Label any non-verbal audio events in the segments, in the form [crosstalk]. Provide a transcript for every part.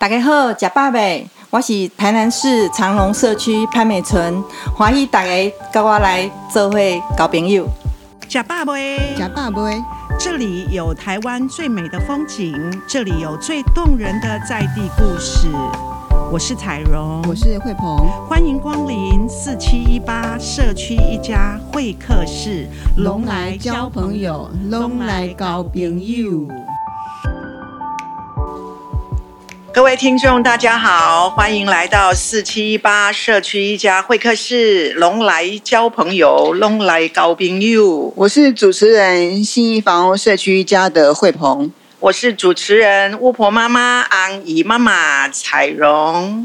大家好，吃飽沒，我是台南市長榮社區潘美純，歡迎大家跟我來做會交朋友。吃飽沒，吃飽沒，這裡有台灣最美的風景，這裡有最動人的在地故事。我是彩蓉，我是惠鵬，歡迎光臨四七一八社區一家會客室，龍來交朋友，龍來交朋友。各位聽眾，大家好，歡迎來到四七一八社區一家會客室，攏來交朋友，攏來高朋友。我是主持人信義房屋社區一家的惠鵬，我是主持人巫婆媽媽安姨媽媽彩榮。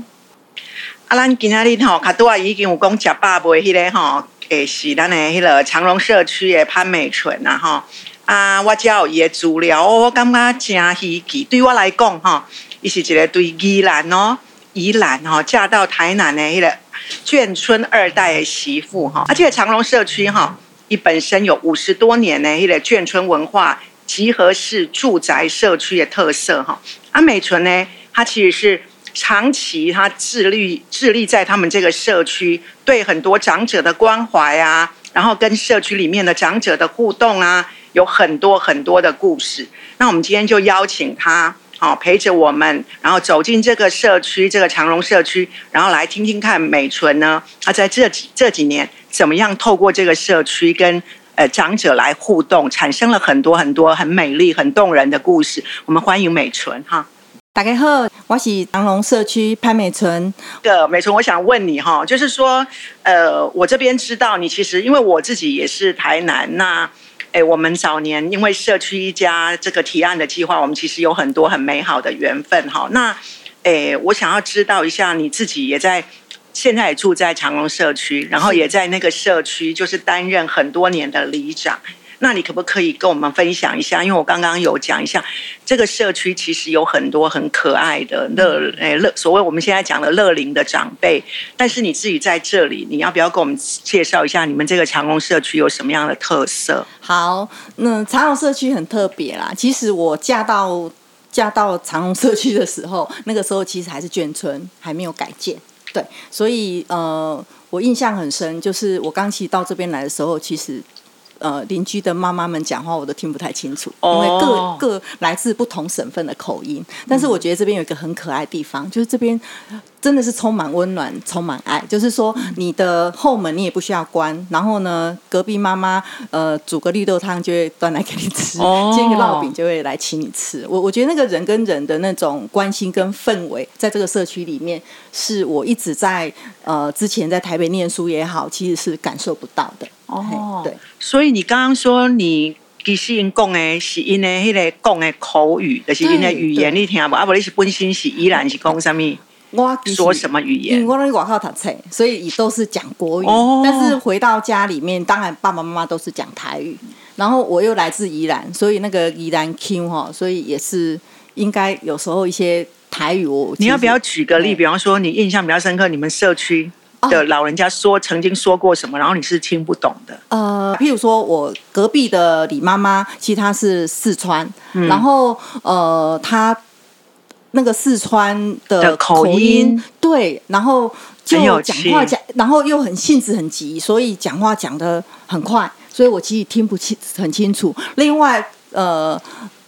啊，咱今仔日吼，卡多啊已經有講食飽買去嘞吼，誒，是咱誒迄個長榮社區誒潘美純啊哈。啊，我叫業主了，我感覺真稀奇，對我來講哈。一起起來對宜蘭哦，宜蘭哦，嫁到台南的迄個眷村二代的媳婦哈、哦，而、啊、且長榮社區哈、哦，伊本身有五十多年呢，迄個眷村文化集合式住宅社區的特色哈、哦。阿、啊、美純呢，他其實是長期他致力致力在他們這個社區對很多長者的關懷啊，然後跟社區裡面的長者的互動啊，有很多很多的故事。那我們今天就邀請他。陪着我們，然後走進這個社區，這個長榮社區，然後來聽聽看美純呢，他、啊、在這幾這幾年怎麼樣透過這個社區跟呃長者來互動，產生了很多很多很美麗、很動人的故事。我們歡迎美純哈。大家好，我是長榮社區潘美純。呃，美純，我想問你哈，就是說，呃，我這邊知道你其實，因為我自己也是台南那、啊哎，我們早年因為社區一家這個提案的計劃，我們其實有很多很美好的緣分哈。那，哎，我想要知道一下，你自己也在，現在也住在長榮社區，然後也在那個社區，就是擔任很多年的里長。那你可不可以跟我們分享一下？因為我剛剛有講一下，這個社區其實有很多很可愛的樂哎樂，所謂我們現在講的樂齡的長輩。但是你自己在這裡，你要不要跟我們介紹一下你們這個長榮社區有什麼樣的特色？好，那長榮社區很特別啦。其實我嫁到嫁到長榮社區的時候，那個時候其實還是眷村，還沒有改建。對，所以呃，我印象很深，就是我剛其實到這邊來的時候，其實。呃，鄰居的媽媽們講話我都聽不太清楚，因為各各來自不同省份的口音。但是我覺得這邊有一個很可愛的地方，就是這邊。真的是充滿溫暖，充滿愛。就是說，你的後門你也不需要關，然後呢，隔壁媽媽呃煮個綠豆湯就會端來給你吃，oh. 煎個烙餅就會來請你吃。我我覺得那個人跟人的那種關心跟氛圍，在這個社區裡面，是我一直在呃之前在台北念書也好，其實是感受不到的。哦，oh. 對。所以你剛剛說你其實因講誒，是因為迄個講誒口語，就是因為語言對你聽無對啊？無你是本身是依然是講啥我說什麼語言？因為我在他才，所以也都是講國語。哦、但是回到家裡面，當然爸爸媽媽都是講台語。然後我又來自宜蘭，所以那個宜蘭腔。哈，所以也是應該有時候一些台語我。你要不要舉個例？對比方說，你印象比較深刻，你們社區的老人家說，啊、曾經說過什麼，然後你是聽不懂的。呃，譬如說我隔壁的李媽媽，其實她是四川，嗯、然後呃她。那個四川的口音，口音對，然後就講話講，然後又很性子很急，所以講話講的很快，所以我其實聽不清很清楚。另外，呃，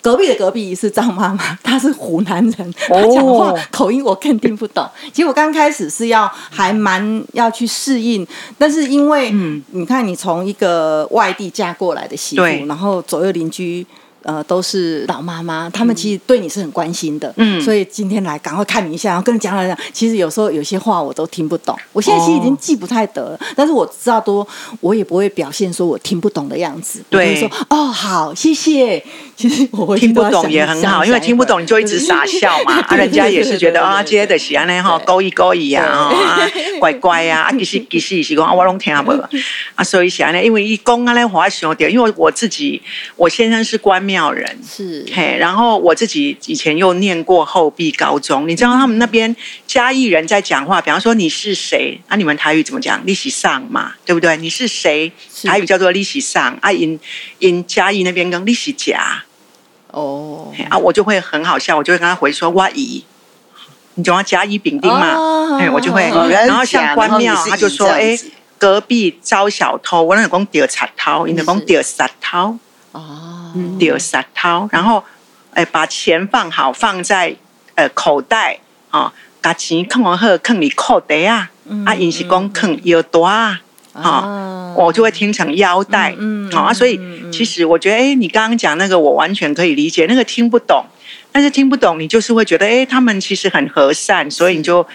隔壁的隔壁是張媽媽，她是湖南人，她講話、oh. 口音我根本聽不懂。其實我剛開始是要還蠻要去適應，但是因為你看你從一個外地嫁過來的媳婦，對然後左右鄰居。呃，都是老媽媽，他們其實對你是很關心的。嗯，所以今天來趕快看你一下，然後跟你講講，其實有時候有些話我都聽不懂，我現在其實已經記不太得了，哦、但是我知道多，我也不會表現說我聽不懂的樣子，對 我會說哦好謝謝，其實我會聽不懂也很好想想，因為聽不懂你就一直傻笑嘛，對 啊人家也是覺得對對對對、哦、啊接的喜安呢哈，高一高一呀啊乖乖呀啊，其實其實其實我我攏聽阿不懂， [laughs] 啊所以喜安呢，因為一講阿呢話相對，因為我自己我先生是官面。妙人是，嘿，然後我自己以前又念過後壁高中，你知道他們那邊嘉義人在講話，比方說你是誰啊？你們台語怎麼講？利息上嘛，對不對？你是誰？台語叫做利息上啊。in in 嘉義那邊跟利息夾，哦，啊，我就會很好笑，我就會跟他回說哇姨，你總要甲乙丙丁嘛，哎，我就會，然後像關廟，他就說哎，隔壁招小偷，我那公屌鏟偷，你那公屌殺偷，哦。掉石頭，嗯、然後，哎、呃，把錢放好，放在呃口袋啊、哦，把錢放往後坑里褲袋、嗯、啊，嗯嗯、啊，飲食工坑有多啊，啊，我就會聽成腰帶、嗯嗯哦，啊，所以、嗯嗯、其實我覺得，哎、欸，你剛剛講那個，我完全可以理解，那個聽不懂，但是聽不懂，你就是會覺得，哎、欸，他們其實很和善，所以你就。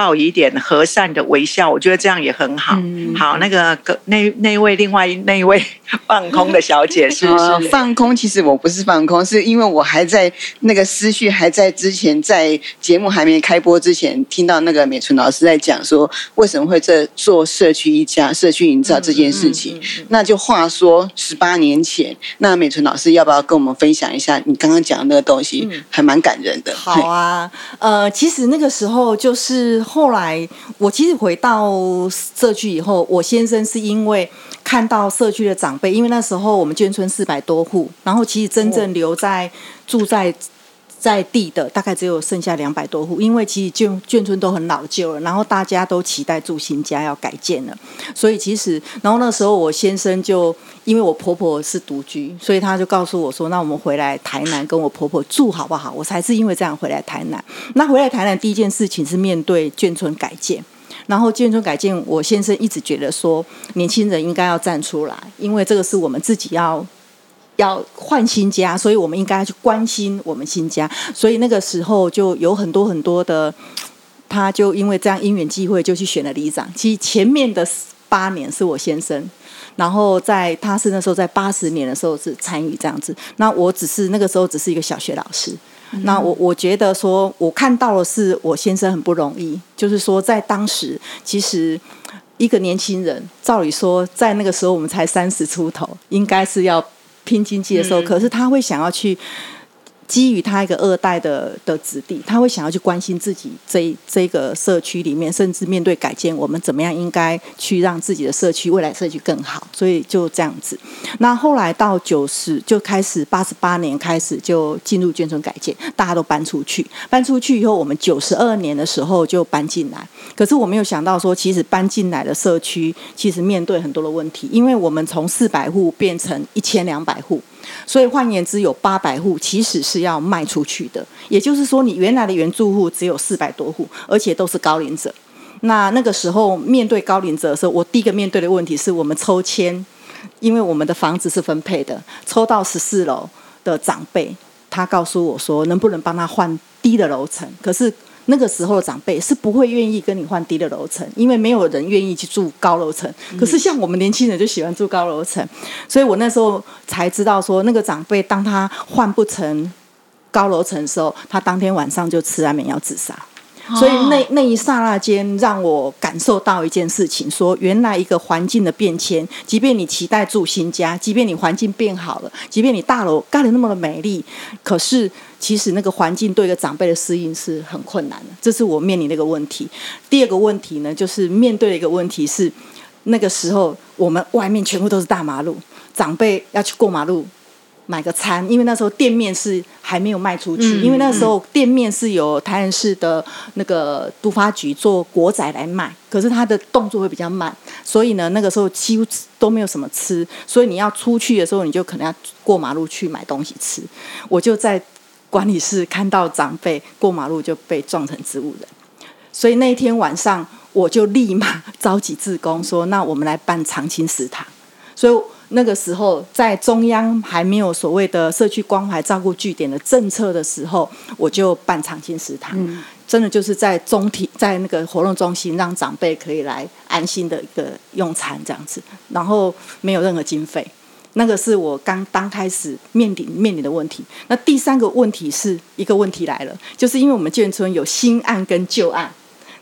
抱一點和善的微笑，我覺得這樣也很好。嗯、好，那個個那那位另外那一位放空的小姐是，不是、哦、放空，其實我不是放空，是因為我還在那個思緒還在之前，在節目還沒開播之前，聽到那個美純老師在講說為什麼會在做社區一家社區營造這件事情。嗯嗯嗯嗯、那就話說十八年前，那美純老師要不要跟我們分享一下你剛剛講的那個東西？嗯、還蠻感人的。好啊，嘿呃，其實那個時候就是。後來，我其實回到社區以後，我先生是因為看到社區的長輩，因為那時候我們眷村四百多戶，然後其實真正留在、哦、住在。在地的大概只有剩下兩百多戶，因為其實眷眷村都很老舊了，然後大家都期待住新家要改建了，所以其實，然後那時候我先生就因為我婆婆是獨居，所以他就告訴我說：“那我們回來台南跟我婆婆住好不好？”我才是因為這樣回來台南。那回來台南第一件事情是面對眷村改建，然後眷村改建，我先生一直覺得說年輕人應該要站出來，因為這個是我們自己要。要換新家，所以我們應該去關心我們新家。所以那個時候就有很多很多的，他就因為這樣因緣際會就去選了里長。其實前面的八年是我先生，然後在他是那時候，在八十年的時候是參與這樣子。那我只是那個時候只是一個小學老師。那我我覺得說，我看到的是我先生很不容易，就是說在當時，其實一個年輕人照理說，在那個時候我們才三十出頭，應該是要。拼經濟的時候，可是他會想要去基於他一個二代的的子弟，他會想要去關心自己這這個社區裡面，甚至面對改建，我們怎麼樣應該去讓自己的社區未來社區更好？所以就這樣子。那後來到九十就開始八十八年開始就進入眷村改建，大家都搬出去，搬出去以後，我們九十二年的時候就搬進來。可是我沒有想到說，其實搬進來的社區其實面對很多的問題，因為我們從四百戶變成一千兩百戶，所以換言之有八百戶其實是要賣出去的。也就是說，你原來的原住戶只有四百多戶，而且都是高齡者。那那個時候面對高齡者的時候，我第一個面對的問題是我們抽籤，因為我們的房子是分配的，抽到十四樓的長輩，他告訴我說能不能幫他換低的樓層？可是。那個時候的長輩是不會願意跟你換低的樓層，因為沒有人願意去住高樓層。可是像我們年輕人就喜歡住高樓層，所以我那時候才知道說，那個長輩當他換不成高樓層的時候，他當天晚上就吃安眠藥自殺。所以那那一剎那間，讓我感受到一件事情：說原來一個環境的變遷，即便你期待住新家，即便你環境變好了，即便你大樓蓋得那麼的美麗，可是。其實那個環境對一個長輩的適應是很困難的，這是我面臨的一個問題。第二個問題呢，就是面對的一個問題是，那個時候我們外面全部都是大馬路，長輩要去過馬路買個餐，因為那時候店面是還沒有賣出去，嗯嗯嗯因為那時候店面是由台南市的那個都發局做國宅來賣，可是他的動作會比較慢，所以呢，那個時候幾乎都沒有什麼吃，所以你要出去的時候，你就可能要過馬路去買東西吃。我就在。管理室看到長輩過馬路就被撞成植物人，所以那一天晚上我就立馬召集志工說：“那我們來辦長青食堂。”所以那個時候在中央還沒有所謂的社區關懷照顧據點的政策的時候，我就辦長青食堂，真的就是在中庭、在那個活動中心，讓長輩可以來安心的一個用餐這樣子，然後沒有任何經費。那個是我剛剛開始面臨面臨的問題。那第三個問題是一個問題來了，就是因為我們眷村有新案跟舊案，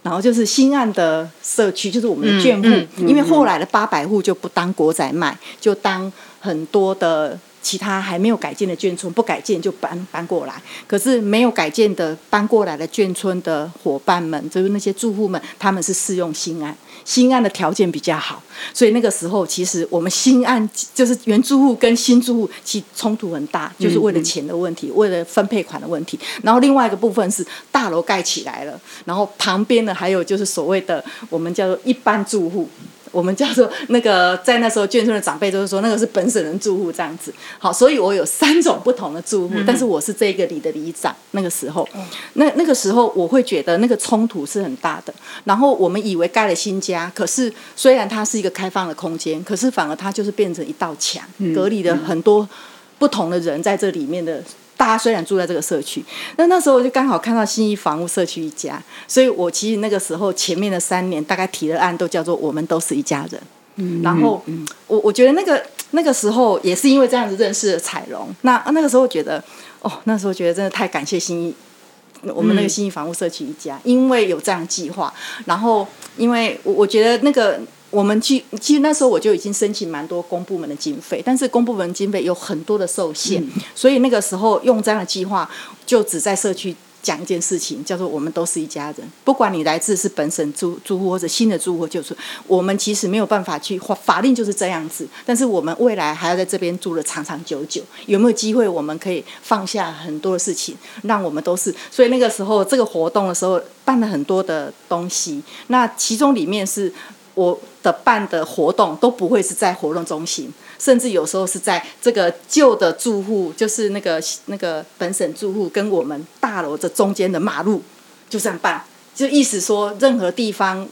然後就是新案的社區就是我們的眷戶，嗯嗯嗯、因為後來的八百戶就不當國宅賣，就當很多的其他還沒有改建的眷村不改建就搬搬過來，可是沒有改建的搬過來的眷村的夥伴們，就是那些住戶們，他們是適用新案。新案的條件比較好，所以那個時候其實我們新案就是原住戶跟新住戶其實衝突很大，就是為了錢的問題，為了分配款的問題。然後另外一個部分是大樓蓋起來了，然後旁邊的還有就是所謂的我們叫做一般住戶。我們叫做那個，在那時候眷村的長輩都是說，那個是本省人住戶這樣子。好，所以我有三種不同的住戶，但是我是這個里的里長。那個時候，那那個時候我會覺得那個衝突是很大的。然後我們以為蓋了新家，可是雖然它是一個開放的空間，可是反而它就是變成一道牆，隔離了很多不同的人在這裡面的。大家雖然住在這個社區，那那時候我就剛好看到信義房屋社區一家，所以我其實那個時候前面的三年大概提的案都叫做我們都是一家人。嗯，然後我我覺得那個那個時候也是因為這樣子認識的彩龍，那、啊、那個時候我覺得哦，那時候覺得真的太感謝信義，我們那個信義房屋社區一家，嗯、因為有這樣計劃，然後因為我，我覺得那個。我們去其實那時候我就已經申請蠻多公部門的經費，但是公部門經費有很多的受限，嗯，所以那個時候用這樣的計劃就只在社區講一件事情，叫做我們都是一家人，不管你來自是本省租、租戶或者新的租戶就，就是我們其實沒有辦法去，法令就是這樣子。但是我們未來還要在這邊住了長長久久，有沒有機會我們可以放下很多的事情，讓我們都是。所以那個時候這個活動的時候辦了很多的東西，那其中裡面是。我的辦的活動都不會是在活動中心，甚至有時候是在這個舊的住戶，就是那個那個本省住戶跟我們大樓這中間的馬路，就這樣辦。就意思說，任何地方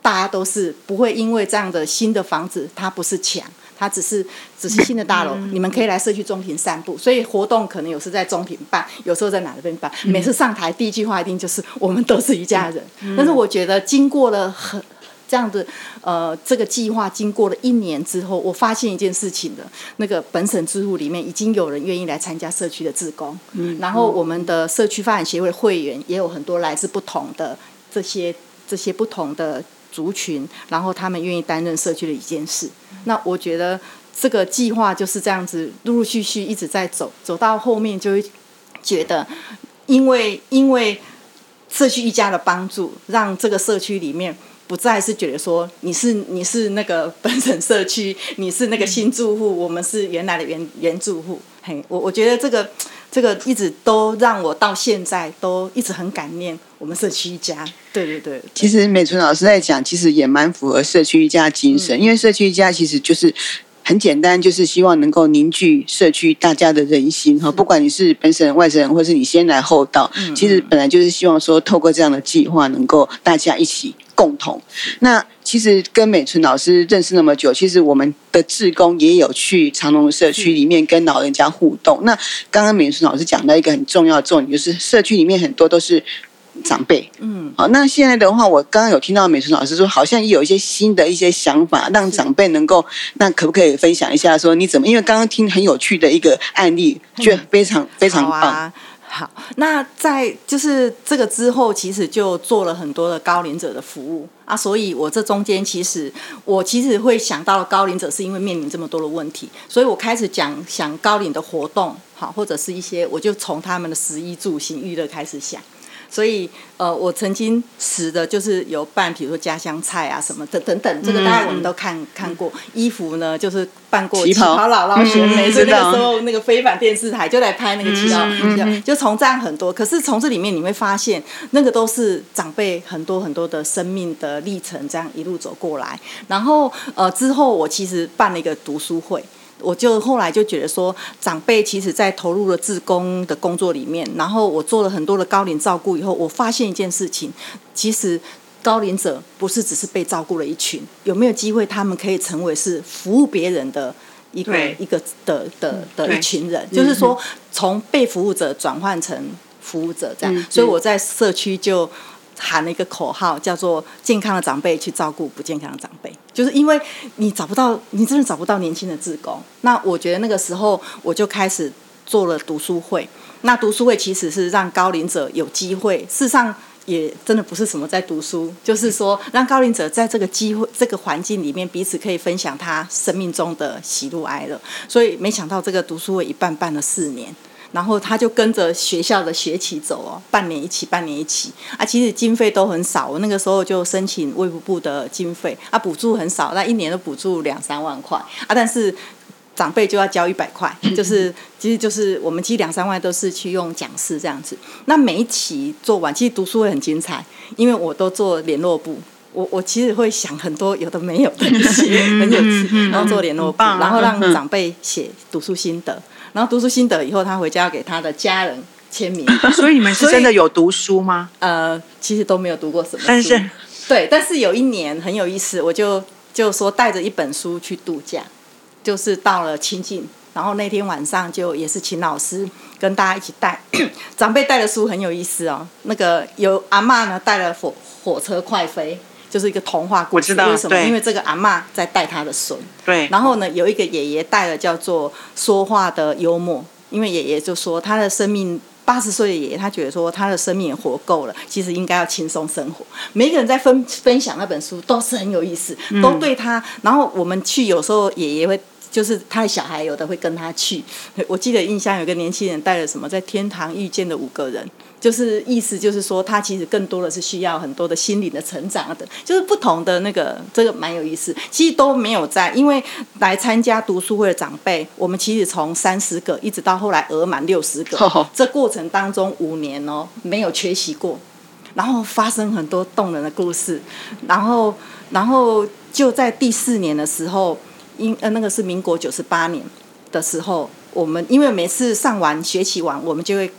大家都是不會因為這樣的新的房子，它不是牆，它只是只是新的大樓，嗯、你們可以來社區中庭散步。所以活動可能有時在中庭辦，有時候在哪邊辦。棒嗯、每次上台第一句話一定就是我們都是一家人。嗯、但是我覺得經過了很。這樣子，呃，這個計劃經過了一年之後，我發現一件事情的那個本省支助裡面已經有人願意來參加社區的志工，嗯，然後我們的社區發展協會會員也有很多來自不同的這些這些不同的族群，然後他們願意擔任社區的一件事。嗯，那我覺得這個計劃就是這樣子陸陸續續一直在走，走到後面就會覺得因，因為因為社區一家的幫助，讓這個社區裡面，不再是覺得說你是你是那個本省社區，你是那個新住戶，嗯、我們是原來的原原住戶。嘿，我我覺得這個這個一直都讓我到現在都一直很感念我們社區一家。對對對、對，其實美純老師在講，其實也蠻符合社區一家精神，嗯、因為社區一家其實就是。很簡單，就是希望能夠凝聚社區大家的人心哈。不管你是本省人、外省人，或是你先來後到，其實本來就是希望說，透過這樣的計劃，能夠大家一起共同。那其實跟美純老師認識那麼久，其實我們的志工也有去長榮社區裡面跟老人家互動。那剛剛美純老師講到一個很重要的重點，就是社區裡面很多都是。長輩，嗯，好。那現在的話，我剛剛有聽到美純老師說，好像也有一些新的一些想法，讓長輩能夠，那可不可以分享一下？說你怎麼？因為剛剛聽很有趣的一個案例，覺得、嗯、非常非常棒好，啊。好，那在就是這個之後，其實就做了很多的高齡者的服務啊。所以，我這中間其實我其實會想到高齡者，是因為面臨這麼多的問題，所以我開始講想高齡的活動，好，或者是一些，我就從他們的食衣住行娛樂開始想。所以，呃，我曾經吃的就是有辦，比如說家鄉菜啊什麼等等等，這個大家我們都看、嗯、看過。衣服呢，就是辦過旗袍姥姥選美，所以跑、嗯、那個時候道那個非凡電視台就來拍那個旗袍，嗯嗯嗯、就從這樣很多。可是從這裡面你會發現，那個都是長輩很多很多的生命的歷程，這樣一路走過來。然後，呃，之後我其實辦了一個讀書會。我就後來就覺得說，長輩其實，在投入了志工的工作裡面，然後我做了很多的高齡照顧以後，我發現一件事情，其實高齡者不是只是被照顧了一群，有沒有機會他們可以成為是服務別人的一個對一個的的的一群人？對就是說，從被服務者轉換成服務者這樣。對所以我在社區就。喊了一個口號，叫做“健康的長輩去照顧不健康的長輩”，就是因為你找不到，你真的找不到年輕的志工。那我覺得那個時候，我就開始做了讀書會。那讀書會其實是讓高齡者有機會，事實上也真的不是什麼在讀書，就是說讓高齡者在這個機會、這個環境裡面彼此可以分享他生命中的喜怒哀樂。所以沒想到這個讀書會一辦辦了四年。然後他就跟着學校的學期走哦，半年一期，半年一期啊。其實經費都很少，我那個時候就申請衛福部的經費啊，補助很少，那一年都補助兩三萬塊啊，但是長輩就要交一百塊，就是其實就是我們其實兩三萬都是去用講師這樣子。那每一期做完，其實讀書會很精彩，因為我都做聯絡簿，我我其實會想很多有的沒有的東西， [laughs] [laughs] 很有趣，然後做聯絡簿，嗯嗯、然後讓長輩寫讀書心得。嗯嗯然後讀書心得以後，他回家要給他的家人簽名。 [laughs] 所以你們是真的有讀書嗎？呃，其實都沒有讀過什麼。但是，對，但是有一年很有意思，我就就說帶着一本書去度假，就是到了清境，然後那天晚上就也是請老師跟大家一起帶 [coughs] 長輩帶的書很有意思哦。那個有阿嬤呢帶了火火車快飛。就是一個童話故事，為什麼？因為這個阿嬤在帶他的孫，對。然後呢，有一個爺爺帶了叫做說話的幽默，因為爺爺就說他的生命，八十歲的爺爺，他覺得說他的生命也活夠了，其實應該要輕鬆生活。每個人在分分享那本書都是很有意思，都對他。嗯，然後我們去有時候爺爺會就是他的小孩有的會跟他去，我記得印象有個年輕人帶了什麼在天堂遇見的五個人。就是意思就是說，他其實更多的是需要很多的心理的成長的，就是不同的那個，這個蠻有意思。其實都沒有在，因為來參加讀書會的長輩，我們其實從三十個一直到後來額滿六十個，這過程當中五年哦、喔、沒有缺席過，然後發生很多動人的故事，然後然後就在第四年的時候，因呃那個是民國九十八年的時候，我們因為每次上完學習完，我們就會。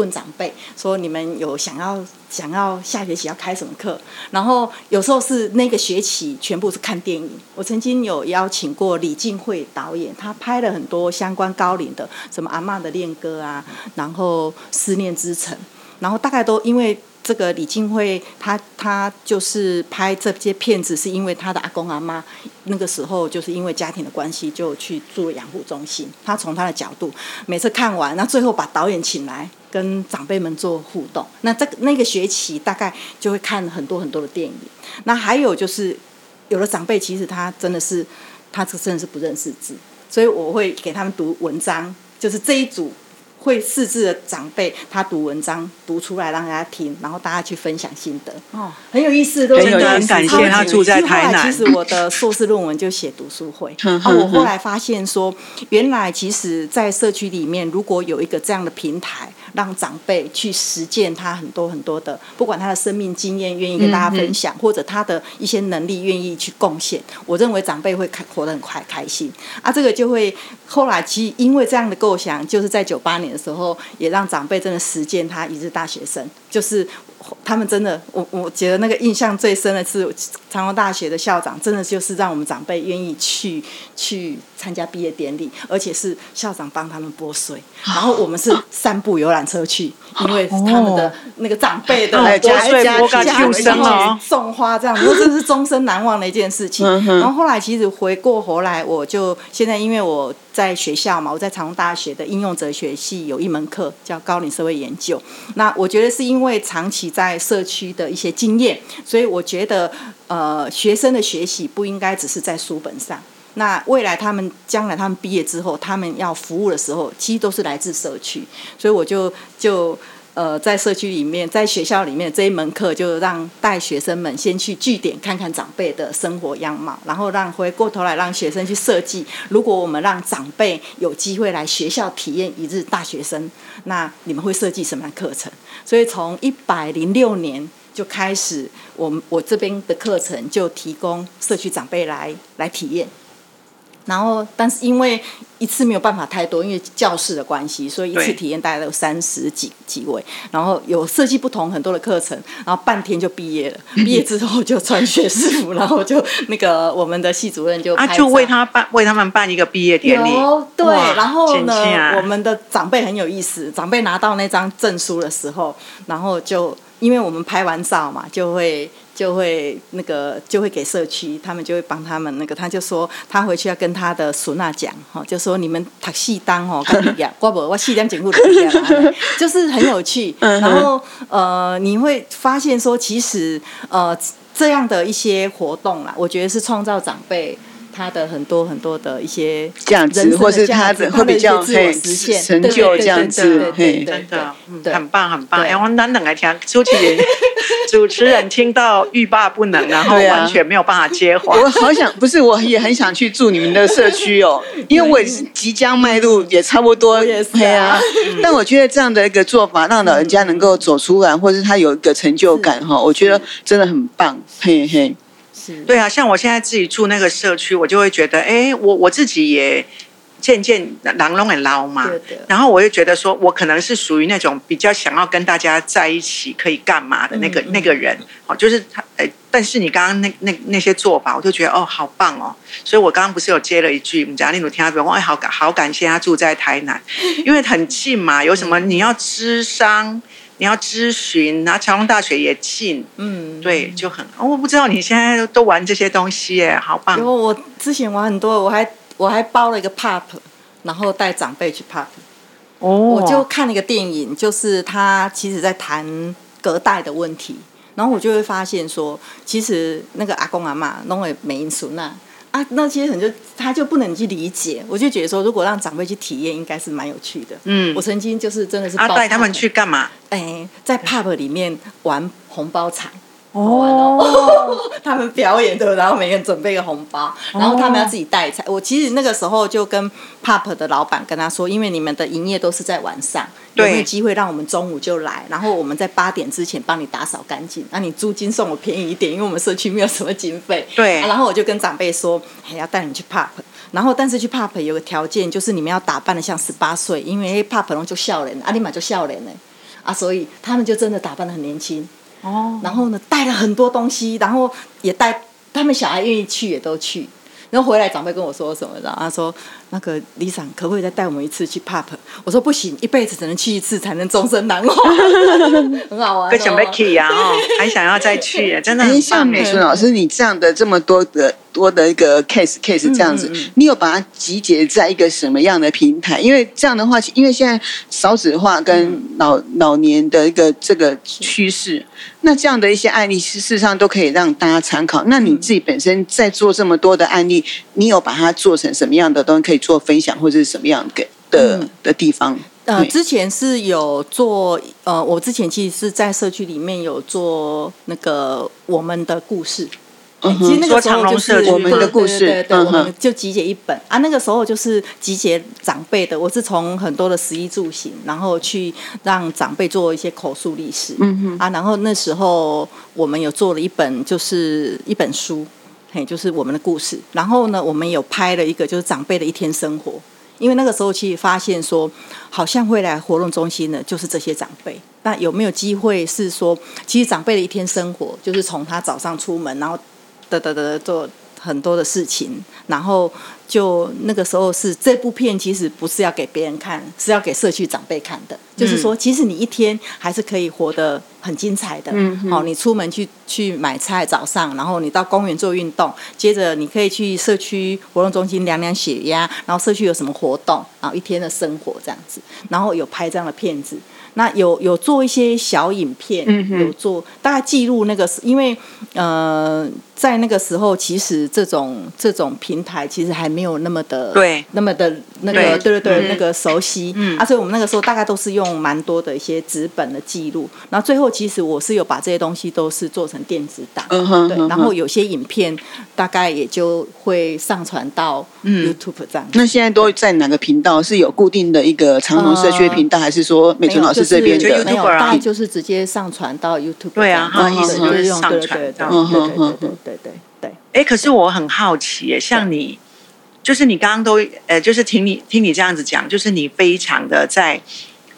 問長輩說：“你們有想要想要下學期要開什麼課？”然後有時候是那個學期全部是看電影。我曾經有邀請過李靖惠導演，她拍了很多相關高齡的，什麼《阿嬤的戀歌》啊，然後《思念之城》，然後大概都因為這個李靖惠，她她就是拍這些片子，是因為她的阿公阿嬤那個時候就是因為家庭的關係就去住養護中心。她從她的角度，每次看完，那最後把導演請來。跟長輩們做互動，那這個那個學期大概就會看很多很多的電影。那還有就是，有的長輩，其實他真的是，他這真的是不認識字，所以我會給他們讀文章，就是這一組。會識字的長輩，他讀文章讀出來讓大家聽，然後大家去分享心得哦，很有意思，都真的很感謝他住在台南。後來，其實我的碩士論文就寫讀書會，嗯哼啊、我後來發現說，原來其實，在社區裡面，如果有一個這樣的平台，讓長輩去實踐他很多很多的，不管他的生命經驗願意跟大家分享，嗯嗯，或者他的一些能力願意去貢獻，我認為長輩會開活得很快開心啊。這個就會後來其實因為這樣的構想，就是在九八年。的時候，也讓長輩真的實踐，他一日大學生。就是他們真的，我我覺得那個印象最深的是，長榮大學的校長真的就是讓我們長輩願意去去參加畢業典禮，而且是校長幫他們撥穗，然後我們是三部遊覽車去，啊、因為他們的、啊、那個長輩的來家家，接下來回去送花，這樣子我真的是終身難忘的一件事情。 [laughs] 然後後來其實回過頭來，我就現在因為我在學校嘛，我在長榮大學的應用哲學系有一門課叫高齡社會研究，那我覺得是因為。因為長期在社區的一些經驗，所以我覺得，呃，學生的學習不應該只是在書本上。那未來他們將來他們畢業之後，他們要服務的時候，其實都是來自社區。所以我就就。呃，在社區裡面，在學校裡面這一門課，就讓帶學生們先去據點看看長輩的生活樣貌，然後讓回過頭來讓學生去設計。如果我們讓長輩有機會來學校體驗一日大學生，那你們會設計什麼樣課程？所以從一百零六年就開始，我們我這邊的課程就提供社區長輩來來體驗。然後，但是因為一次沒有辦法太多，因為教室的關係，所以一次體驗大概有三十幾對幾位。然後有設計不同很多的課程，然後半天就畢業了。畢業之後就穿學士服， [laughs] 然後就那個我們的系主任就啊，就為他辦為他們辦一個畢業典禮，對。哇然後呢，啊、我們的長輩很有意思，長輩拿到那張證書的時候，然後就因為我們拍完照嘛，就會。就會那個就會給社區，他們就會幫他們那個，他就說他回去要跟他的孫娜講，哈、哦，就說你們他細單哦，講 [laughs] 我，我不我細單撿不起來， [laughs] 就是很有趣。 [laughs] 然後呃，你會發現說，其實呃這樣的一些活動啦，我覺得是創造長輩。他的很多很多的一些價值，或是他的會比較自我實現、成就這樣子，對對對，很棒很棒。哎，我們等等來聽，主持人主持人聽到欲罷不能，然後完全沒有辦法接話。我好想，不是我也很想去住你們的社區哦，因為我也即將邁入，也差不多對啊。但我覺得這樣的一個做法，讓老人家能夠走出來，或者是他有一個成就感哈，我覺得真的很棒，嘿嘿。對啊，像我現在自己住那個社區，我就會覺得，哎，我我自己也漸漸人攏會老嘛。對對，然後我就覺得說，我可能是屬於那種比較想要跟大家在一起，可以幹嘛的那個嗯嗯，那個人。就是他。哎，但是你剛剛那那那，那些做法，我就覺得哦，好棒哦。所以我剛剛不是有接了一句，我們家那茹聽他說，哎，好感好感謝他住在台南， [laughs] 因為很近嘛。有什麼你要諮商，你要諮詢然後長榮大學也近，嗯，對，就很、哦。我不知道你現在都玩這些東西，哎，好棒！我我之前玩很多，我還我還包了一個 Pub 然後帶長輩去 Pub 我就看了一個電影，就是他其實在談隔代的問題，然後我就會發現說，其實那個阿公阿媽弄了沒因素。那。啊、那那些人就他就不能去理解，我就覺得說，如果讓長輩去體驗，應該是蠻有趣的。嗯，我曾經就是真的是，包場、帶、啊、他們去幹嘛？哎、欸，在 pub 裡面玩紅包場。Oh, 哦，哦他們表演的，然後每個人準備一個紅包，oh. 然後他們要自己帶菜。我其實那個時候就跟 pop 的老板跟他說，因為你們的營業都是在晚上，對有沒有機會讓我們中午就來？然後我們在八點之前幫你打掃乾淨，那、啊、你租金送我便宜一點，因為我們社區沒有什麼經費。對、啊，然後我就跟長輩說，哎，要帶你去 pop。然後但是去 pop 有個條件，就是你們要打扮得像十八歲，因為 pop 龍就笑臉，阿尼瑪就笑臉呢，啊，啊所以他們就真的打扮得很年輕。哦、然後呢，帶了很多東西，然後也帶他們小孩願意去也都去，然後回來長輩跟我說什麼，然後他說那個里長可不可以再帶我們一次去 pop？我說不行，一輩子只能去一次，才能終身難忘， [laughs] 很好玩、哦，跟小美 k 啊 y、哦、還想要再去、啊，真的很、哎。像美純老師你這樣的這麼多的。多的一個 case case 這樣子，嗯嗯、你有把它集結在一個什麼樣的平台？因為這樣的話，因為現在少子化跟老老年的一個這個趨勢，嗯、那這樣的一些案例，事實上都可以讓大家參考。那你自己本身在做這麼多的案例，嗯、你有把它做成什麼樣的東西可以做分享，或者是什麼樣的的、嗯、的地方？呃，對之前是有做，呃，我之前其實是在社區裡面有做那個我們的故事。其實那個時候就是對對對對對對，我們的故事，嗯，就集結一本啊。那個時候就是集結長輩的，我是從很多的食衣住行，然後去讓長輩做一些口述歷史，嗯哼啊。然後那時候我們有做了一本，就是一本書，嘿，就是我們的故事。然後呢，我們有拍了一個，就是長輩的一天生活。因為那個時候其實發現說，好像會來活動中心的就是這些長輩。那有沒有機會是說，其實長輩的一天生活，就是從他早上出門，然後的的的做很多的事情，然後就那個時候是這部片其實不是要給別人看，是要給社區長輩看的。嗯、就是說，其實你一天還是可以活得很精彩的。嗯哼，好、哦，你出門去去買菜，早上，然後你到公園做運動，接着你可以去社區活動中心量量血壓，然後社區有什麼活動，然後一天的生活這樣子，然後有拍這樣的片子。那有有做一些小影片，有做大概記錄那個，因為呃，在那個時候其實這種這種平台其實還沒有那麼的對，那麼的那個對對對那個熟悉，而且我們那個時候大概都是用蠻多的一些紙本的記錄，那最後其實我是有把這些東西都是做成電子檔，對，然後有些影片大概也就會上傳到 YouTube 上。那現在都在哪個頻道？是有固定的一個長榮社區頻道，還是說美純老師？是，YouTube，就是直接上傳到 YouTube。對啊，他的意思就是上傳到，對對對對對對對。哎，可是我很好奇，像你，就是你剛剛都，呃，就是聽你聽你這樣子講，就是你非常的在，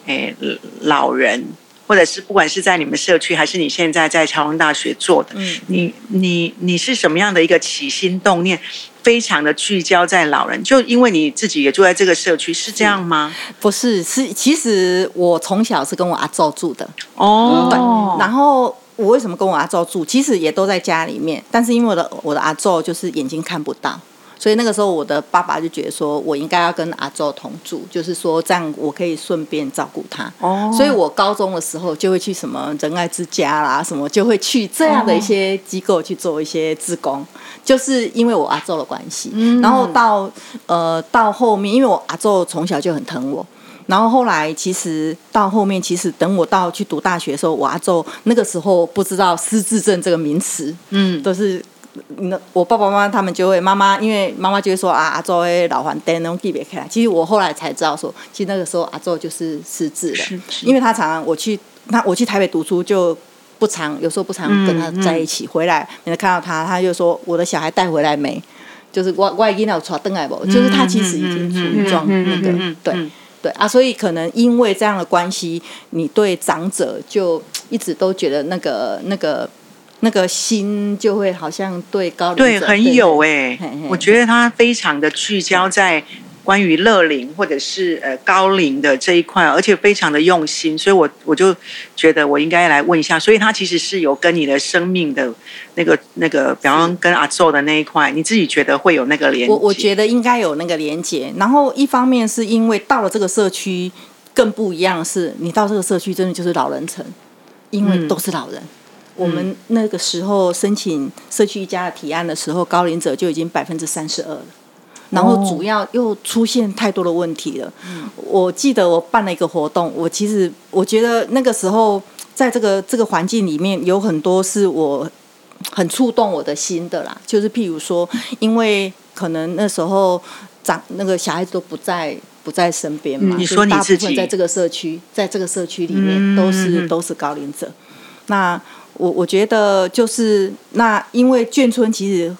哎，老人。或者是不管是在你們社區，還是你現在在長榮大學做的，嗯，你你你是什麼樣的一個起心動念，非常的聚焦在老人，就因為你自己也住在這個社區，是這樣嗎？嗯、不是，是其實我從小是跟我阿祖住的哦，對，然後我為什麼跟我阿祖住？其實也都在家裡面，但是因為我的我的阿祖就是眼睛看不到。所以那個時候，我的爸爸就覺得說，我應該要跟阿祖同住，就是說這樣我可以順便照顧他。哦。所以，我高中的時候就會去什麼仁愛之家啦，什麼就會去這樣的一些機構去做一些志工，哦、就是因為我阿祖的關係。嗯、然後到呃到後面，因為我阿祖從小就很疼我，然後後來其實到後面，其實等我到去讀大學的時候，我阿祖那個時候不知道“失智症”這個名詞，嗯，都是。那我爸爸媽媽他們就會媽媽，因為媽媽就會說啊阿祖的老黃燈能種別開。來。其實我後來才知道說，其實那個時候阿祖就是失智了，因為他常常我去，那我去台北讀書就不常，有時候不常跟他在一起，回來、嗯嗯、你能看到他，他就說我的小孩帶回來沒，就是外外因要出燈來不，就是他其實已經處於狀那個，嗯嗯嗯嗯嗯、對對啊，所以可能因為這樣的關係，你對長者就一直都覺得那個那個。那個心就會好像對高齡者，對很有哎，對我覺得他非常的聚焦在關於樂齡或者是呃高齡的這一塊，而且非常的用心，所以我我就覺得我應該來問一下，所以他其實是有跟你的生命的那個那個，比方跟阿祖的那一塊，是你自己覺得會有那個連，我我覺得應該有那個連接。然後一方面是因為到了這個社區更不一樣的是，你到這個社區真的就是老人城，因為都是老人。嗯我們那個時候申請社區一家的提案的時候，高齡者就已經百分之三十二了，然後主要又出現太多的問題了。哦、我記得我辦了一個活動，我其實我覺得那個時候在這個這個環境裡面有很多是我很觸動我的心的啦，就是譬如說，因為可能那時候長那個小孩子都不在不在身邊嘛、嗯，你說你自己在這個社區，在這個社區裡面都是、嗯、都是高齡者，那。我我覺得就是那，因為眷村其實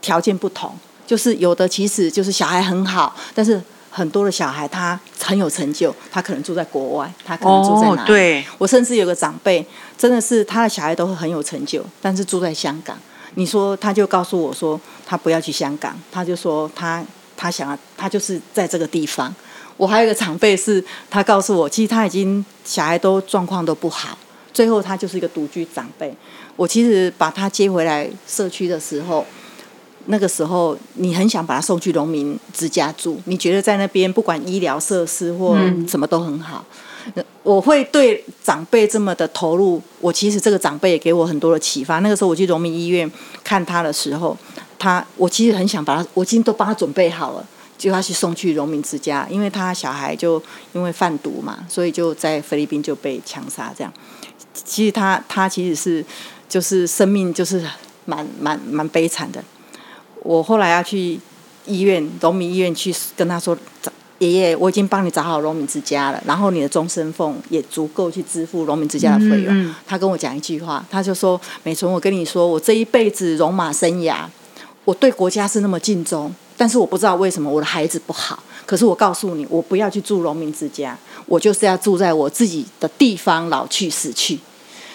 條件不同，就是有的其實就是小孩很好，但是很多的小孩他很有成就，他可能住在國外，他可能住在哪裡。哦，對。我甚至有個長輩，真的是他的小孩都很有成就，但是住在香港。你說他就告訴我說他不要去香港，他就說他他想要他就是在這個地方。我還有一個長輩是，他告訴我其實他已經小孩都狀況都不好。最後他就是一個獨居長輩。我其實把他接回來社區的時候，那個時候你很想把他送去榮民之家住，你覺得在那邊不管醫療設施或什麼都很好。嗯、我會對長輩這麼的投入，我其實這個長輩也給我很多的啟發。那個時候我去榮民醫院看他的時候，他我其實很想把他，我已經都幫他準備好了，就要去送去榮民之家，因為他小孩就因為販毒嘛，所以就在菲律賓就被槍殺這樣。其實他他其實是，就是生命就是蠻蠻蠻，蠻悲慘的。我後來要去醫院，榮民醫院去跟他說：“爺爺，我已經幫你找好榮民之家了，然後你的終身俸也足夠去支付榮民之家的費用。”嗯嗯嗯，他跟我講一句話，他就說：“美純，我跟你說，我這一輩子戎馬生涯，我對國家是那麼盡忠，但是我不知道為什麼我的孩子不好。可是我告訴你，我不要去住榮民之家。”我就是要住在我自己的地方，老去死去，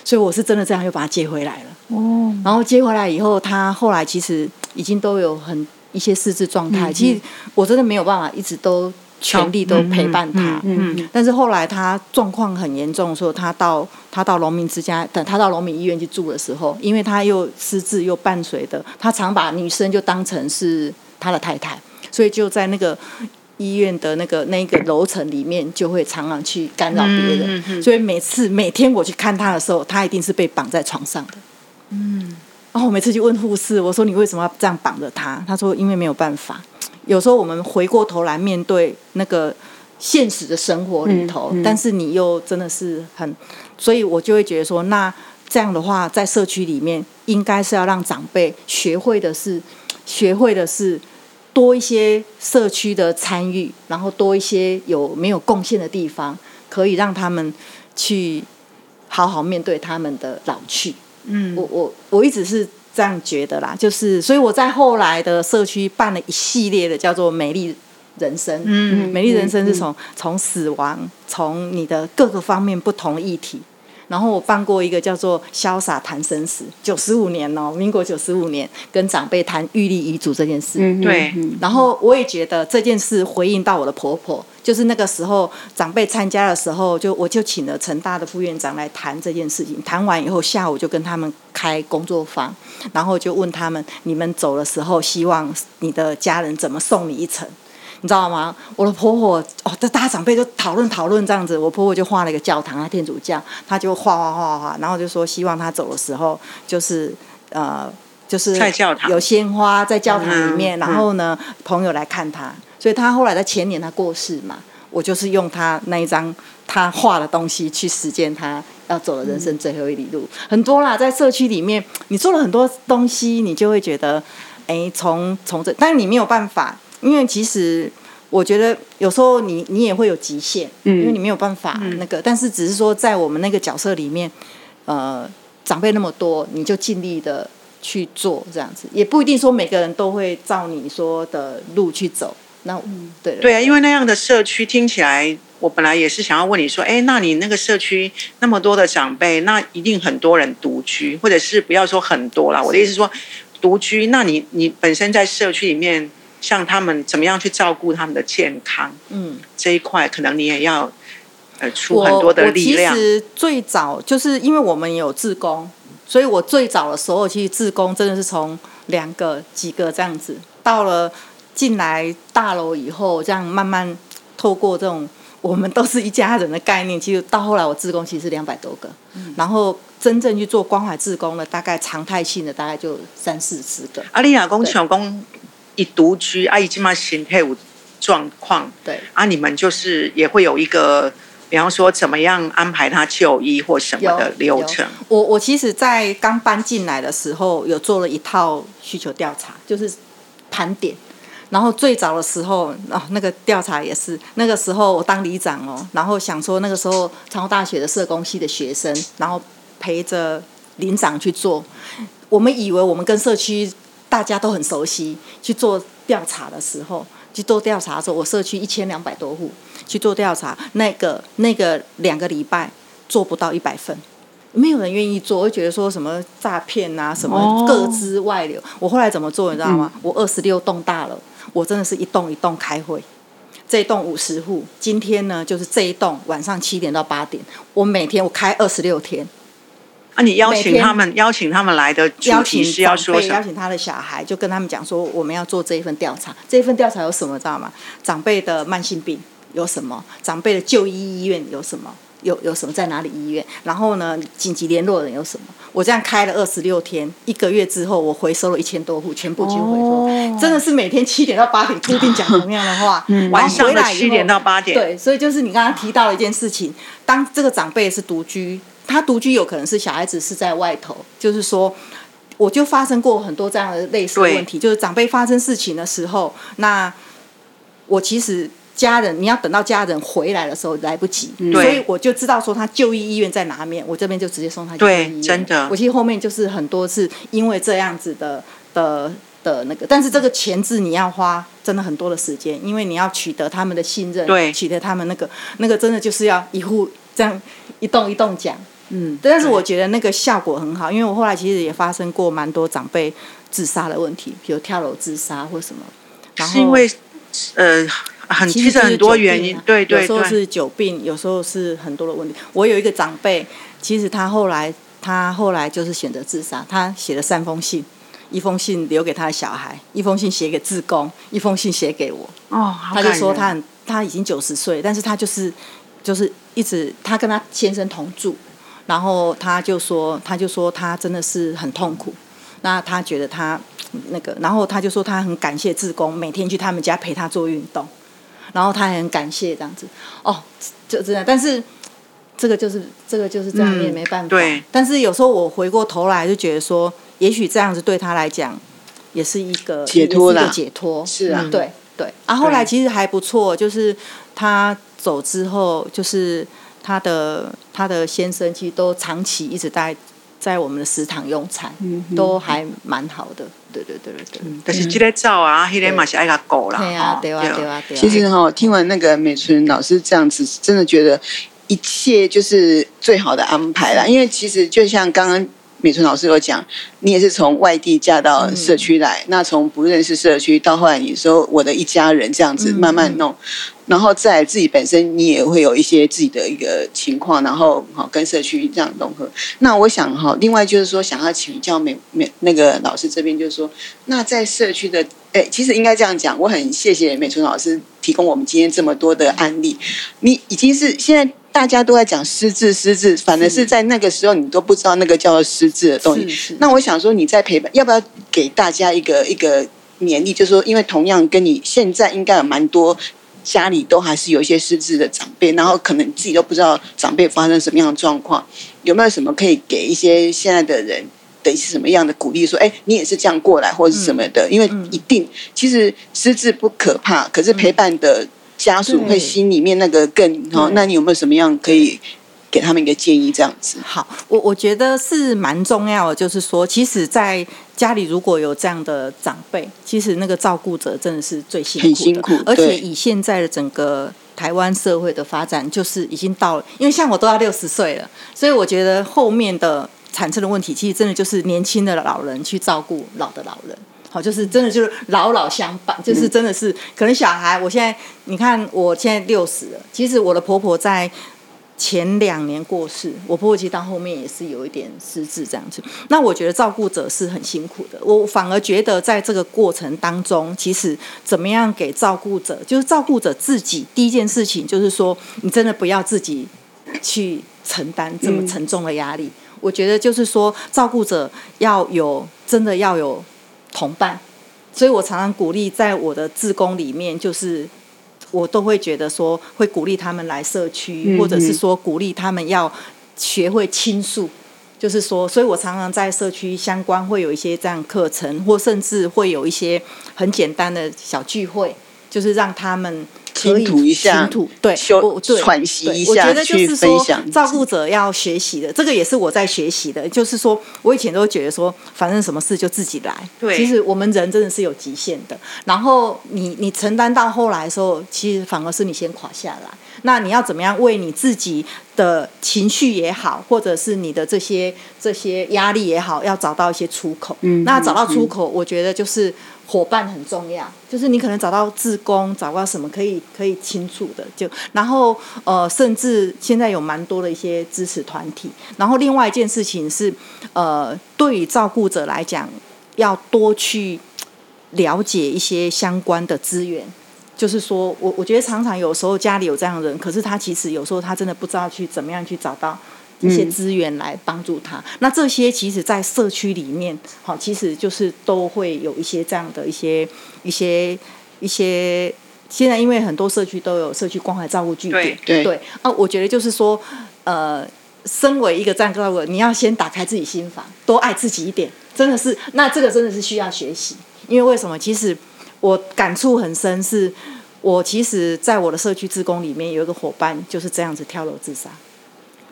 所以我是真的這樣又把他接回來了。哦，然後接回來以後，他後來其實已經都有很一些失智狀態。其實我真的沒有辦法一直都全力都陪伴他。嗯，但是後來他狀況很嚴重的時候，他到他到農民之家，等他到農民醫院去住的時候，因為他又失智又伴隨的，他常把女生就當成是他的太太，所以就在那個。醫院的那個那個樓層裡面，就會常常去干擾別人，嗯嗯嗯、所以每次每天我去看他的時候，他一定是被綁在床上的。嗯，然後、哦、我每次去問護士，我說你為什麼要這樣綁着他？他說因為沒有辦法。有時候我們回過頭來面對那個現實的生活裡頭，嗯嗯、但是你又真的是很，所以我就會覺得說，那這樣的話，在社區裡面，應該是要讓長輩學會的是，學會的是。多一些社區的參與，然後多一些有沒有貢獻的地方，可以讓他們去好好面對他們的老去。嗯，我我我一直是這樣覺得啦，就是所以我在後來的社區辦了一系列的叫做“美麗人生”。嗯，美麗人生是從從、嗯、死亡，從你的各個方面不同議題。然後我辦過一個叫做《瀟灑談生死》，九十五年哦，民國九十五年，跟長輩談預立遺囑這件事。嗯、對。然後我也覺得這件事回應到我的婆婆，就是那個時候長輩參加的時候，就我就請了成大的副院長來談這件事情。談完以後，下午就跟他們開工作坊，然後就問他們：你們走的時候，希望你的家人怎麼送你一程？你知道嗎？我的婆婆哦，這大長輩就討論討論這樣子，我婆婆就畫了一個教堂啊，天主教，他就畫畫畫畫，然後就說希望他走的時候就是呃就是有鮮花在教堂裡面，然後呢朋友來看他，嗯嗯、所以他後來在前年他過世嘛，我就是用他那一張他畫的東西去實踐他要走的人生最後一里路，嗯、很多啦，在社區裡面，你做了很多東西，你就會覺得哎，從、欸、從這，但是你沒有辦法。因為其實我覺得有時候你你也會有極限，嗯、因為你沒有辦法那個。嗯、但是只是說在我們那個角色裡面，呃，長輩那麼多，你就盡力的去做這樣子，也不一定說每個人都會照你說的路去走。那、嗯、對了對啊，因為那樣的社區聽起來，我本來也是想要問你說，哎、欸，那你那個社區那麼多的長輩，那一定很多人獨居，或者是不要說很多啦。是我的意思是說獨居，那你你本身在社區裡面。像他們怎麼樣去照顧他們的健康，嗯，這一塊可能你也要呃出很多的力量。我我其實最早就是因為我們有志工，所以我最早的時候其實志工真的是從兩個幾個這樣子，到了進來大樓以後，這樣慢慢透過這種我們都是一家人的概念，其實到後來我志工其實兩百多個，嗯，然後真正去做關懷志工的，大概常態性的大概就三四十個。阿麗亞公，喬公。你獨居啊，以及嘛心配。有狀況，對啊，你們就是也會有一個，比方說怎麼樣安排他就醫或什麼的流程。我我其實，在剛搬進來的時候，有做了一套需求調查，就是盤點。然後最早的時候，哦，那個調查也是那個時候我當里長哦，然後想說那個時候，長榮大學的社工系的學生，然後陪着里長去做。我們以為我們跟社區。大家都很熟悉，去做調查的時候，去做調查的時候，我社區一千兩百多戶去做調查，那個那個兩個禮拜做不到一百份，沒有人願意做，我覺得說什麼詐騙啊，什麼個資外流。哦、我後來怎麼做，你知道嗎？嗯、我二十六棟大樓，我真的是一棟一棟開會，這棟五十戶，今天呢就是這一棟，晚上七點到八點，我每天我開二十六天。那、啊、你邀請他們，天邀請他們來的主題是要說什麼？邀請他的小孩，就跟他們講說，我們要做這一份調查。這一份調查有什麼，知道嗎？長輩的慢性病有什麼？長輩的就醫醫院有什麼？有有什麼在哪裡醫院？然後呢，緊急聯絡人有什麼？我這樣開了二十六天，一個月之後，我回收了一千多戶，全部都回收。哦、真的是每天七點到八點固定講同樣的話， [laughs] 嗯、晚上的七點到八點。對，所以就是你剛剛提到了一件事情，當這個長輩是獨居，他獨居有可能是小孩子是在外頭，就是說，我就發生過很多這樣的類似問題，對就是長輩發生事情的時候，那我其實家人你要等到家人回來的時候來不及，嗯、對所以我就知道說他就醫醫院在哪邊，我這邊就直接送他去醫院對。真的，我其實後面就是很多次因為這樣子的的的那個，但是這個前置你要花真的很多的時間，因為你要取得他們的信任，對取得他們那個那個真的就是要一戶這樣一棟一棟講。嗯，但是我覺得那個效果很好，嗯、因為我後來其實也發生過蠻多長輩自殺的問題，比如跳樓自殺或什麼。然後是因為呃，很其實、啊、很，很多原因，對對，對、對有時候是久病，有時候是很多的問題。我有一個長輩，其實他後來他後來就是選擇自殺，他寫了三封信，一封信留給他的小孩，一封信寫給志工，一封信寫給我。哦，好，他就說他很他已經九十歲，但是他就是就是一直他跟他先生同住。然後他就說，他就說他真的是很痛苦，那他覺得他那個，然後他就說他很感謝志工，每天去他們家陪他做運動，然後他很感謝這樣子，哦，就這樣。但是這個就是這個就是這樣，也沒辦法。嗯、對，但是有時候我回過頭來就覺得說，也許這樣子對他來講也是一個解脫啦，解脫，是啊，對、嗯、對。對啊，後來其實還不錯，就是他走之後就是。他的他的先生其實都長期一直在在我們的食堂用餐，嗯、哼都還蠻好的。對對對對、嗯、但是這天早啊，黑天馬是愛個狗了哈。對啊對啊對啊。對啊對啊其實哈、喔，對聽完那個美純老師這樣子，真的覺得一切就是最好的安排了。因為其實就像剛剛美純老師有講，你也是從外地嫁到社區來，嗯、那從不認識社區到後來你說我的一家人這樣子慢慢弄。嗯嗯然後在自己本身，你也會有一些自己的一個情況，然後好跟社區這樣融合。那我想哈，另外就是說，想要請教美美那個老師這邊，就是說，那在社區的誒、欸，其實應該這樣講，我很謝謝美春老師提供我們今天這麼多的案例。嗯、你已經是現在大家都在講失智失智，反而是在那個時候你都不知道那個叫做失智的東西。是是，那我想說，你在陪伴，要不要給大家一個一個勉勵，就是說，因為同樣跟你現在應該有蠻多。家裡都還是有一些失智的長輩，然後可能自己都不知道長輩發生什麼樣的狀況，有沒有什麼可以給一些現在的人的一些什麼樣的鼓勵？說，哎、欸，你也是這樣過來，或者是什麼的？嗯、因為一定、嗯、其實失智不可怕，可是陪伴的家屬會心裡面那個更好對那你有沒有什麼樣可以？給他們一個建議，這樣子。好，我我覺得是蠻重要的，就是說，其實在家裡如果有這樣的長輩，其實那個照顧者真的是最辛苦的，很辛苦。而且以現在的整個台灣社會的發展，就是已經到了，因為像我都要六十歲了，所以我覺得後面的產生的問題，其實真的就是年輕的老人去照顧老的老人，好，就是真的就是老老相伴，就是真的是、嗯、可能小孩，我現在你看，我現在六十了，其實我的婆婆在。前兩年過世，我婆婆其實到後面也是有一點失智這樣子。那我覺得照顧者是很辛苦的，我反而覺得在這個過程當中，其實怎麼樣給照顧者，就是照顧者自己第一件事情就是說，你真的不要自己去承擔這麼沉重的壓力。嗯、我覺得就是說，照顧者要有真的要有同伴，所以我常常鼓勵在我的志工裡面，就是。我都會覺得說，會鼓勵他們來社區，或者是說鼓勵他們要學會傾訴，就是說，所以我常常在社區相關會有一些這樣課程，或甚至會有一些很簡單的小聚會，就是讓他們。傾吐一下，對，修對，喘息一下，去分享。我覺得就是說，照顧者要學習的，是這個也是我在學習的。就是說我以前都覺得說，反正什麼事就自己來。對，其實我們人真的是有極限的。然後你你承擔到後來的時候，其實反而是你先垮下來。那你要怎麼樣為你自己的情緒也好，或者是你的這些這些壓力也好，要找到一些出口。嗯、哼那找到出口，嗯、哼我覺得就是。伙伴很重要，就是你可能找到志工，找不到什麼可以可以傾訴的，就然後呃，甚至現在有蠻多的一些支持團體。然後另外一件事情是，呃，對於照顧者來講，要多去了解一些相關的資源。就是說我我覺得常常有時候家裡有這樣的人，可是他其實有時候他真的不知道去怎麼樣去找到。一些資源來幫助他，嗯、那這些其實，在社區裡面，好，其實就是都會有一些這樣的一些、一些、一些。現在因為很多社區都有社區關懷照顧據點，對，對，對，啊，我覺得就是說，呃，身為一個照顧者，你要先打開自己心房，多愛自己一點，真的是，那這個真的是需要學習。因為為什麼？其實我感觸很深是，是我其實在我的社區志工裡面有一個夥伴就是這樣子跳樓自殺。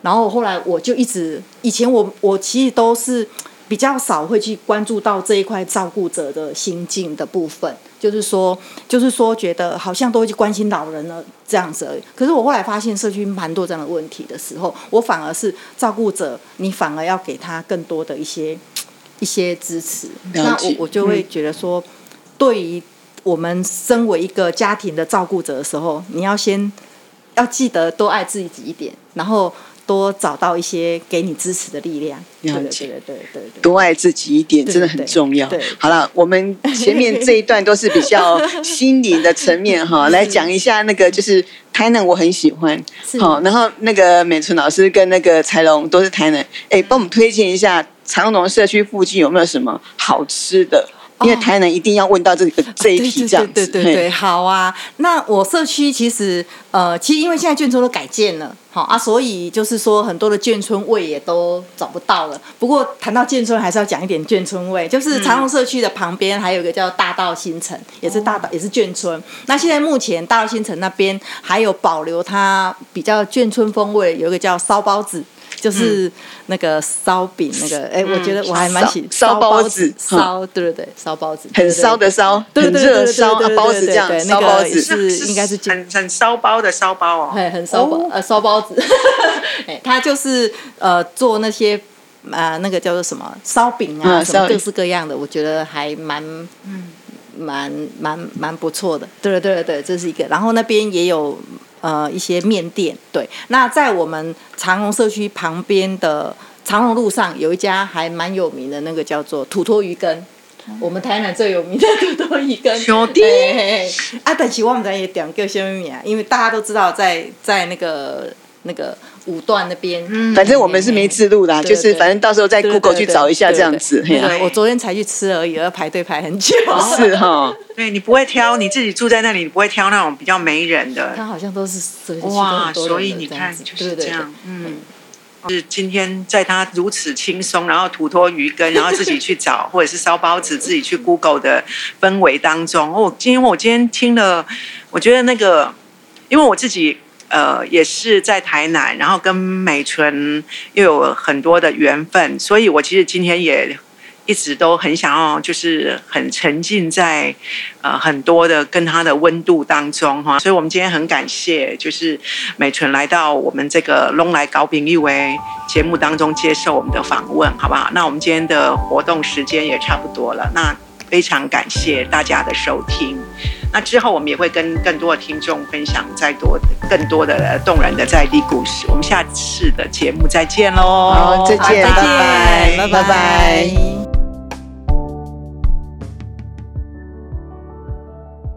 然後後來我就一直以前我我其實都是比較少會去關注到這一塊照顧者的心境的部分，就是說就是說覺得好像都會去關心老人了這樣子而已。可是我後來發現社區蠻多這樣的問題的時候，我反而是照顧者，你反而要給他更多的一些一些支持。了解。那我我就會覺得說，嗯、對於我們身為一個家庭的照顧者的時候，你要先要記得多愛自己一點，然後。多找到一些給你支持的力量，解對對對對對，多愛自己一點真的很重要。對對對，好了，我們前面這一段都是比較心靈的層面哈， [laughs] 來講一下那個就是，是台南我很喜歡，是。好，然後那個美純老師跟那個才龍都是台南，哎、欸，幫我們推薦一下長榮社區附近有沒有什麼好吃的？因為台南一定要問到這個這一題，這樣子。哦、對，對，對，對對對，好啊。那我社區其實呃，其實因為現在眷村都改建了，好啊，所以就是說很多的眷村味也都找不到了。不過談到眷村，還是要講一點眷村味，就是長榮社區的旁邊還有一個叫大道新城，嗯、也是大道也是眷村。哦、那現在目前大道新城那邊還有保留它比較眷村風味，有一個叫燒包子。就是那個燒餅，那個哎，我覺得我還蠻喜歡燒包子，燒，對對對，燒包子，很燒的燒，對對燒包子這樣，那個包子是應該是很很燒包的燒包哦，對，很燒包，呃燒包子，他就是呃做那些啊那個叫做什麼燒餅啊什麼各式各樣的，我覺得還蠻蠻蠻蠻不錯的，對對對對，這是一個，然後那邊也有。呃，一些麵店，對，那在我們長榮社區旁邊的長榮路上有一家還蠻有名的那個叫做土托魚羹，嗯、我們台南最有名的土托魚羹兄弟，哎哎哎，啊，但是我不知道它的店叫什麼名啊，因為大家都知道在在那個那個。五段那邊，反正我們是沒記錄的，就是反正到時候在 Google 去找一下這樣子。對，我昨天才去吃而已，要排隊排很久。是哈，對，你不會挑，你自己住在那裡，你不會挑那種比較沒人的。他好像都是社區都很多的。哇，所以你看，就是這樣，嗯。是今天在他如此輕鬆，然後土魠魚羹，然後自己去找，或者是燒包子，自己去 Google 的氛圍當中。哦，今天我今天聽了，我覺得那個，因為我自己。呃，也是在台南，然後跟美純又有很多的緣分，所以我其實今天也一直都很想要，就是很沉浸在呃很多的跟他的溫度當中哈。所以我們今天很感謝，就是美純來到我們這個“龍來搞餅”入圍節目當中接受我們的訪問，好不好？那我們今天的活動時間也差不多了，那非常感謝大家的收聽。那之後我們也會跟更多的聽眾分享再多更多的動人的在地故事。我們下次的節目再見嘍！好，我們再見，拜拜，拜拜拜。拜拜